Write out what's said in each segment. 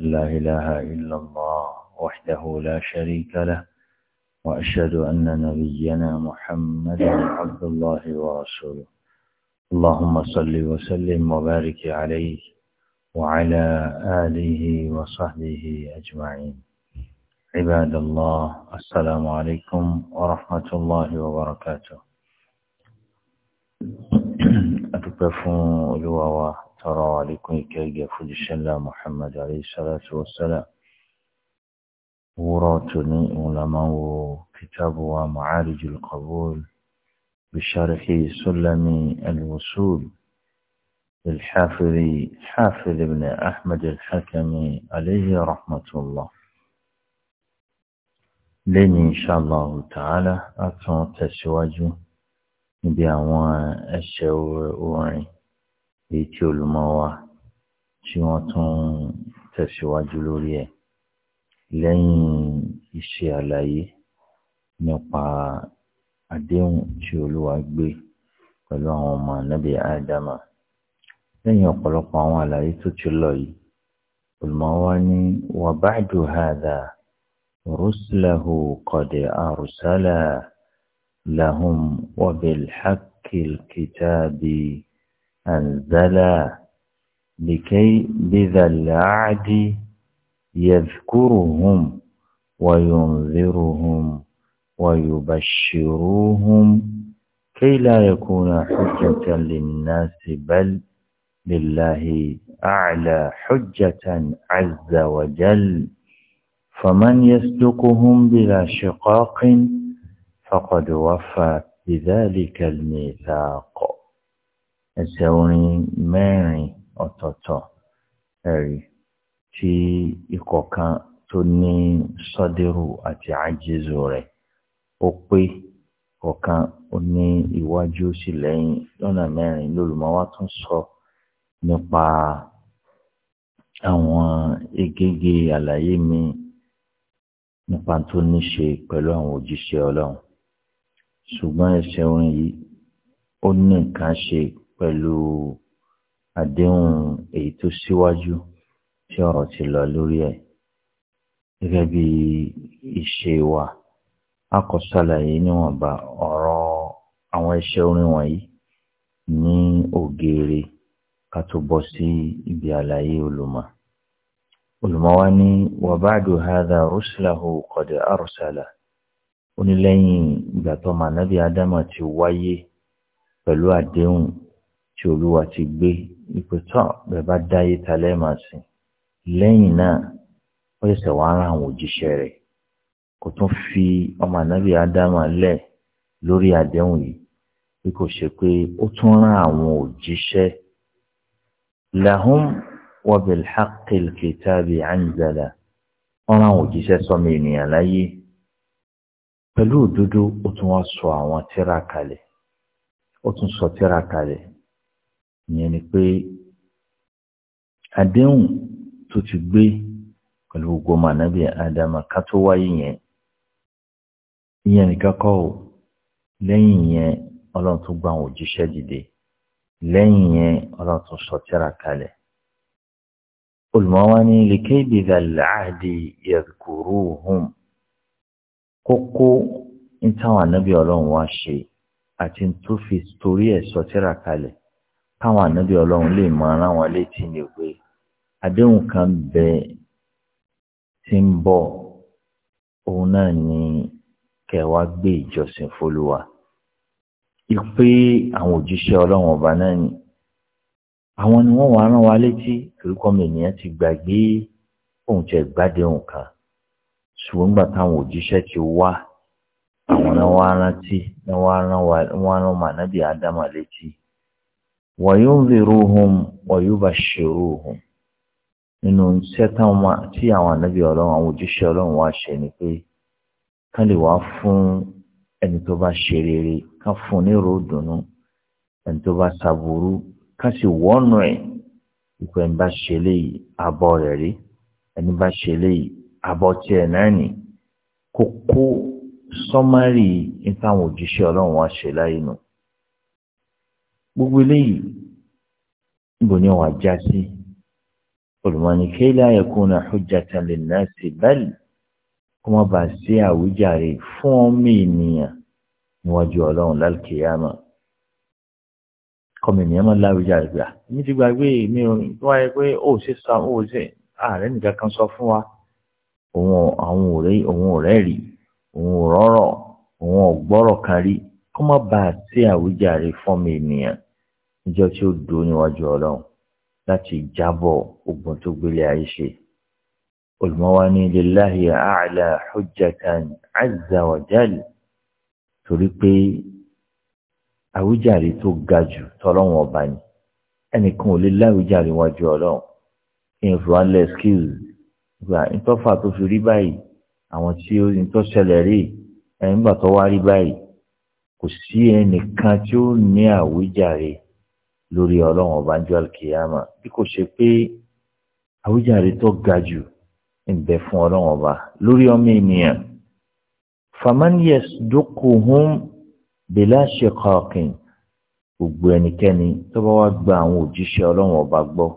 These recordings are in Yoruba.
أن لا إله إلا الله وحده لا شريك له وأشهد أن نبينا محمدا عبد الله ورسوله اللهم صل وسلم وبارك عليه وعلى آله وصحبه أجمعين عباد الله السلام عليكم ورحمة الله وبركاته أتبفون لواوا ترى عليكم كي يفوز شلا محمد عليه الصلاة والسلام وراتني علماء كتاب ومعارج القبول بشرح سلم الوصول للحافظ حافظ ابن أحمد الحكم عليه رحمة الله لين إن شاء الله تعالى أتوا تسواجه بأوان الشوء وعين èyí tí olùmọ̀ wa tí wọ́n tún tẹ̀síwájú lórí ẹ̀ lẹ́yìn iṣẹ́ àlàyé nípa àdéhùn tí olúwa gbé pẹ̀lú àwọn ọmọ ànábì ádámà lẹ́yìn ọ̀pọ̀lọpọ̀ àwọn àlàyé tó ti lọ yìí olùmọ̀ wa ní wa ba'du hadha rusulahu qad arsala lahum wa bil haqqil أنزلا لكي بذا العهد يذكرهم وينذرهم ويبشروهم كي لا يكون حجة للناس بل لله أعلى حجة عز وجل فمن يسلكهم بلا شقاق فقد وفى بذلك الميثاق ẹsẹ̀ orin mẹ́rin ọ̀tọ̀ọ̀tọ̀ ẹ̀rí tí ìkọ̀kan tó ní sọ́dẹ́rù àti àjẹzò rẹ̀ ó pé kọ̀ọ̀kan ó ní iwájú ó sì lẹ́yìn lọ́nà mẹ́rin lólùmọ́ wa tún sọ nípa àwọn egége àlàyé mi nípa tó ní ṣe pẹ̀lú àwọn òjíṣẹ́ ọlọ́run ṣùgbọ́n ẹsẹ̀ orin yìí ó ní nǹkan ṣe pẹ̀lú àdéhùn èyí tó síwájú tí ọ̀rọ̀ ti lọ lórí ẹ̀ gẹ́gẹ́ bí ìṣe wa a kò ṣàlàyé níwọ̀nba ọ̀rọ̀ àwọn iṣẹ́ orin wọ̀nyí ní ògèrè ká tó bọ́ sí ibi àlàyé olùmọ̀ olùmọ̀ wa ní wàbáàdù hadha rusulahu qad arsala ó ìgbà tó mànábì ádámà ti wáyé pẹ̀lú àdéhùn tí olúwa ti gbé ipò tọ́ bẹ́ẹ̀ bá dáyé ta lẹ́ẹ̀mà sí lẹ́yìn náà ó ṣẹ̀ṣẹ̀ wá rán àwọn òjíṣẹ́ rẹ̀ kò tún fi ọmọ ànábì ádámà lẹ̀ lórí àdéhùn yìí bí kò ṣe pé ó tún rán àwọn òjíṣẹ́ lahum wa bil haqqil kitabi anzala rán àwọn òjíṣẹ́ sọmọ ènìyàn láyé pẹ̀lú òdodo ó tún wá sọ àwọn tírà kalẹ̀ ó tún sọ tírà kalẹ̀ ìyẹn ni pé àdéhùn tó ti gbé pẹ̀lú gbogbo mànábì ádámà ká tó wáyé yẹn ìyẹn nìkan kọ́ ò lẹ́yìn yẹn ọlọ́run tó gba àwọn òjíṣẹ́ dìde lẹ́yìn yẹn ọlọ́run tó sọ tírà kalẹ̀ olùmọ́wá ní likébì dàláàdì yadhkuruhum kókó ní táwọn ànábì ọlọ́run wá ṣe àti tó fi torí ẹ̀ sọ tírà kalẹ̀ káwọn ànábì ọlọ́run lè mọ ara wọn létí ni pé àdéhùn kan bẹ tí ń bọ̀ òun náà ni kẹwàá gbé ìjọsìn fọlùwà ìpè àwọn òjíṣẹ́ ọlọ́run ọba náà ni àwọn ni wọ́n wà rán wa létí kìrìkọ́ mi ènìyàn ti gbàgbé òun tẹ gbádẹ́hùn kan ṣùgbọ́n nígbà táwọn òjíṣẹ́ ti wá àwọn náà wá rántí náà wá rán wa náà rán mànábì ádámà létí. wọ̀yúnvìrúhùn wọ̀yúbàṣẹ̀rúhùn nínú iṣẹ́ tí àwọn ànábì ọlọ́run àwọn òjíṣẹ́ ọlọ́run wá ṣe ni pé kán lè wá fún ẹni tó bá ṣe rere ká fún ní ròdùnú ẹni tó bá ṣàbùrú ká sì ẹ̀ ìpẹ́ ń bá ṣe léyìí abọ́ rẹ̀ rí ẹni gbogbo eléyìí níbo ni wàá já sí olùmọ̀ọ́ni kéèlà yakuna hujjatan linnasi bal kó má bàa sí àwíjàre fún ọmọ ènìyàn níwájú ọlọ́run lálùkìyàmà kọ́mi ènìyàn máa láwíjàre gbà ní ah, ti gbàgbé mi ò wáyé pé ó ṣe sọ ó ah, kan sọ fún wa òun ọ̀rẹ́ òun ọ̀rẹ́ rí òun òun ọ̀gbọ́rọ̀ kan rí kó má bàa sí níjọ́ tí ó dúró níwájú ọlọ́run láti jábọ̀ ogun tó gbélé ayé ṣe. olùmọ́wá ní lillahi a'la hujjatan azza wa jal torí pé àwíjàre tó ga jù tọ́lọ́wọ̀n ọba ni ẹnìkan ò lè láwíjàre wájú ọlọ́run ìfúwálẹ̀ skill gba ìtọ́fà tó fi rí báyìí àwọn tí ó ìtọ́ ṣẹlẹ̀ rí ẹ̀yìn gbà tó wá rí báyìí kò sí ẹnìkan tí ó ní àwíjàre lórí ọlọ́run ọba ń jọ àlùkìyàmà bí kò ṣe pé àwíjàre tó ga jù ń bẹ fún ọlọ́run ọba lórí ọmọ ènìyàn faman yasduquhum bila shiqaqin gbogbo ẹnikẹ́ni tó bá wá gba àwọn òjíṣẹ́ ọlọ́run ọba gbọ́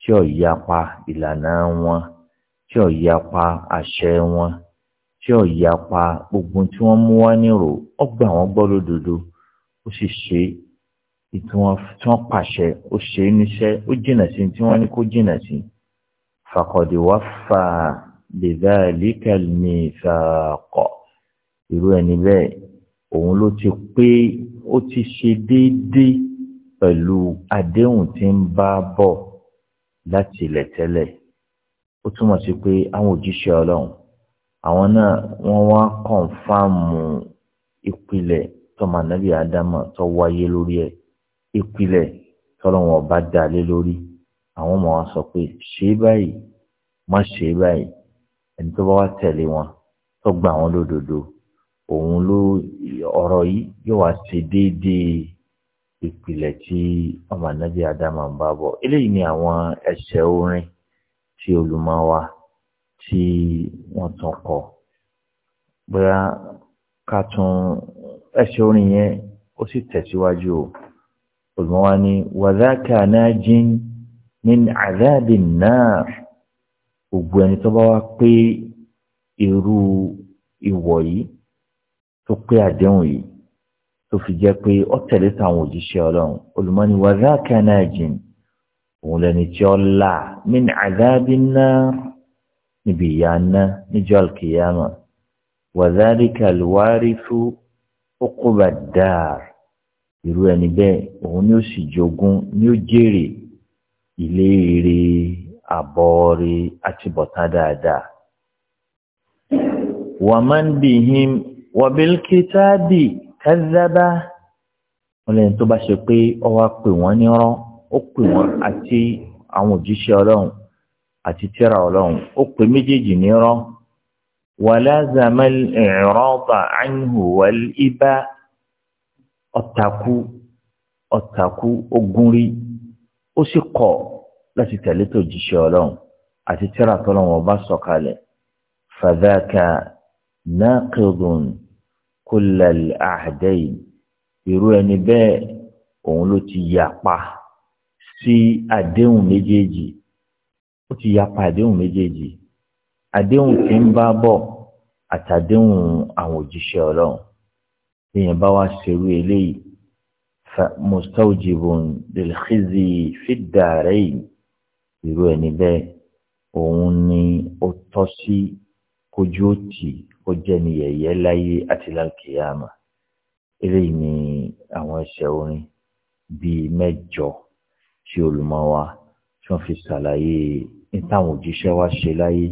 tí ò yapa ìlànà wọn tí ò yapa àṣẹ wọn tí ò yapa gbogbo tí wọ́n mú wá nírò ó gbà gbọ́ lódodo ó sì ṣe tí wọ́n pàṣẹ ó ṣe é níṣẹ́ ó jìnà sí tí wọ́n ní kó jìnà sí faqad waffa bidhalika al-mithaq irú ẹni bẹ́ẹ̀ òun ló ti pé ó ti ṣe déédéé pẹ̀lú àdéhùn tí ń bá bọ̀ láti ilẹ̀ tẹ́lẹ̀ ó túmọ̀ sí pé àwọn òjíṣẹ́ ọlọ́run àwọn náà wọ́n wá kọ̀ǹfàmù ìpìlẹ̀ tọ́mọ ànábì tó wáyé lórí ẹ̀ ìpìlẹ̀ tọ́lọ́wọ́n ọba dá lé lórí àwọn ọmọ wa sọ pé ṣe báyìí má ṣe báyìí ẹni tó bá wá tẹ̀lé wọn tó gbà wọn lódodo òun ló ọ̀rọ̀ yìí yóò wá ṣe déédéé ìpìlẹ̀ tí ọmọ anábì adama ń bá bọ̀ eléyìí ni àwọn ẹsẹ̀ orin tí olùmọ̀ wa tí wọ́n tún kọ bóyá ká tún ẹsẹ̀ orin yẹn ó sì tẹ̀síwájú o olùmọ́wá ni wàdákà náà jìn ní àdáàbì náà gbogbo ẹni tó bá wá pé irú ìwọ̀ yìí tó pé àdéhùn yìí tó fi jẹ́ pé ó tẹ̀lé táwọn òjíṣẹ́ ọlọ́run olùmọ́ni wàdákà náà òun lẹni tí ó là ní àdáàbì náà níbi ìyà ná níjọ́ àlùkìyàmà wàdáríkà lùwárí fún ó kó irú ẹni bẹ́ẹ̀ òun ni ó sì jogún ni ó jèrè ilé rere àbọ̀ rere àtibọ̀tán dáadáa. wàmán bihim wàbílkítàbì kazaba wọn lẹ́yìn tó bá ṣe pé ọwọ́ pè wọ́n nírọ́ ó pè wọ́n àti àwọn òjíṣẹ́ ọlọ́run àti tírà ọlọ́run ó pè méjèèjì nírọ́ wàlázàmẹ́lì ẹ̀rọ́ bá àyìnwó wàlíbá ọ̀tàkù ọ̀tàkù ogunri ó sì kọ̀ láti tẹ̀lé tó jíṣẹ́ ọlọ́run àti tíra tọ́lọ́run ọba sọ̀kalẹ̀ fàdákà náàkìdùn kullal ahdain irú ẹni bẹ́ẹ̀ òun ló ti yapa sí àdéhùn méjèèjì ó ti yapa àdéhùn méjèèjì àdéhùn tí ń bá bọ̀ àtàdéhùn àwọn òjíṣẹ́ ọlọ́run èèyàn bá wá ṣerú eléyìí fa mustawjibun lil khizi fid darayn irú ẹni bẹ́ẹ̀ òun ni ó tọ́ sí kojú òtì ó jẹ́ ni yẹ̀yẹ́ láyé àti lálùkìyàmà eléyìí ni àwọn ẹsẹ̀ orin bíi mẹ́jọ tí olùmọ̀ wa tí wọ́n fi ṣàlàyé ní òjíṣẹ́ wa ṣe láyé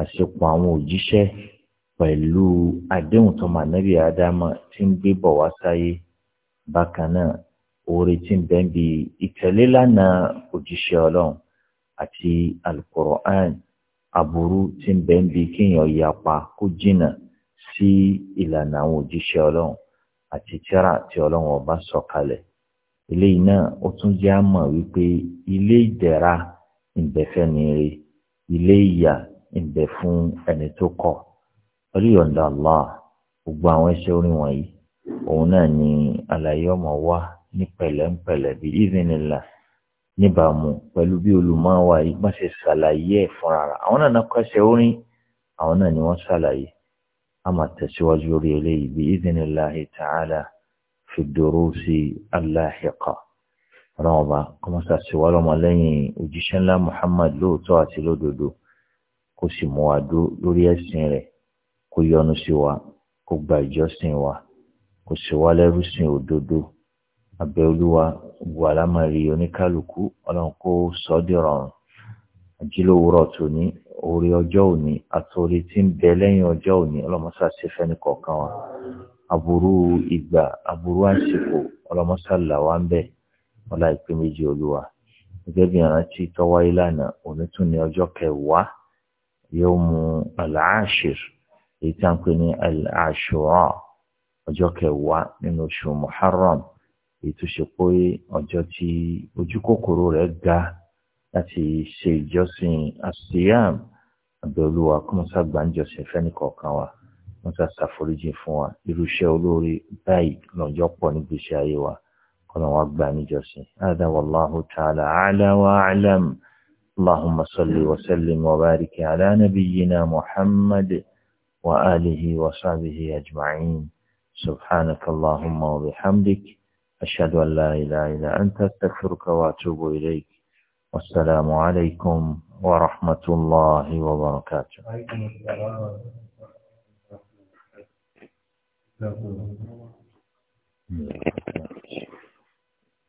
àṣepọ̀ àwọn òjíṣẹ́ pẹ̀lú àdéhùn tó mà nẹ́bí ádámà tí ń gbé bọ̀ wá sáyé bákan náà oore tí ń bẹ́ẹ̀ bí ìtẹ̀lé lánàá òjíṣẹ́ ọlọ́run àti alukoran aburú tí ń bẹ́ẹ̀ bí kéèyàn yapa kó jìnnà sí ìlànà àwọn òjíṣẹ́ ọlọ́run àti tíra tí ọlọ́run ọba sọ eléyìí náà ó tún jẹ́ àmọ̀ wípé ilé ìdẹ̀ra ń bẹ ilé ìyà ń ẹni tó kọ̀ pẹ̀lú ìyọ̀ǹda Allah gbogbo àwọn iṣẹ́ orin wọ̀nyí òun náà ni àlàyé ọmọ wa ní pẹ̀lẹ́ńpẹ̀lẹ́ bí ìdínilà níbàámu pẹ̀lú bí olùmọ̀wá yìí má ṣe ṣàlàyé ẹ̀ fúnra àwọn náà náà kọ́ṣẹ́ orin àwọn náà ni wọ́n ṣàlàyé a máa tẹ̀síwájú lórí eléyìí bí ìdínilà ta'ala fi durusi al-lahiqa ọlọ́run ọba kọ́mọ́sá ṣèwá lọ́mọlẹ́yìn òjíṣẹ́ ńlá Muhammad lóòótọ́ àti lódodo kó sì mú wa dúró lórí ẹ̀sìn rẹ̀ kó yọ́nú sí wa kó gba ìjọsìn wa kó sì wá lẹ́rúsìn òdodo abẹ́ olúwa gbogbo àlámọ̀rí oníkálukú ọlọ́run kó sọ ọ́ dìrọ̀rùn àjílòwúrọ̀ tòní orí ọjọ́ òní àtòrí tí ń bẹ lẹ́yìn ọjọ́ òní ọlọ́mọṣá ṣe fẹ́ni kọ̀ọ̀kan wa aburú ìgbà aburú àsìkò ọlọ́mọṣá là wá ń bẹ̀ ọlá ìpín méjì olúwa gẹ́gẹ́ bí ìrántí tọ́wáyé lánàá òní ọjọ́ kẹwàá yóò mú àlàáṣìrì èyí tí a ń pè ní al-ashura ọjọ́ kẹwàá nínú oṣù muharram èyí tó ṣe pé ọjọ́ tí ojú kòkòrò rẹ̀ ga láti ṣe ìjọsìn asiyam abẹ́olúwa kó mọ́sá gbàǹjọsìn fẹ́nìkọ̀ọ̀kan wa mọ́sá ṣàforíjì fún wa irúṣẹ́ olóore báyìí lọ́jọ́ pọ̀ nígbèsè ayé wa kọ́nà wa gbà níjọsìn. هذا والله تعالى أعلى وأعلم اللهم صل وسلم وبارك على نبينا محمد وآله وصحبه أجمعين سبحانك اللهم وبحمدك أشهد أن لا إله إلا أنت استغفرك وأتوب إليك والسلام عليكم ورحمة الله وبركاته Thank you.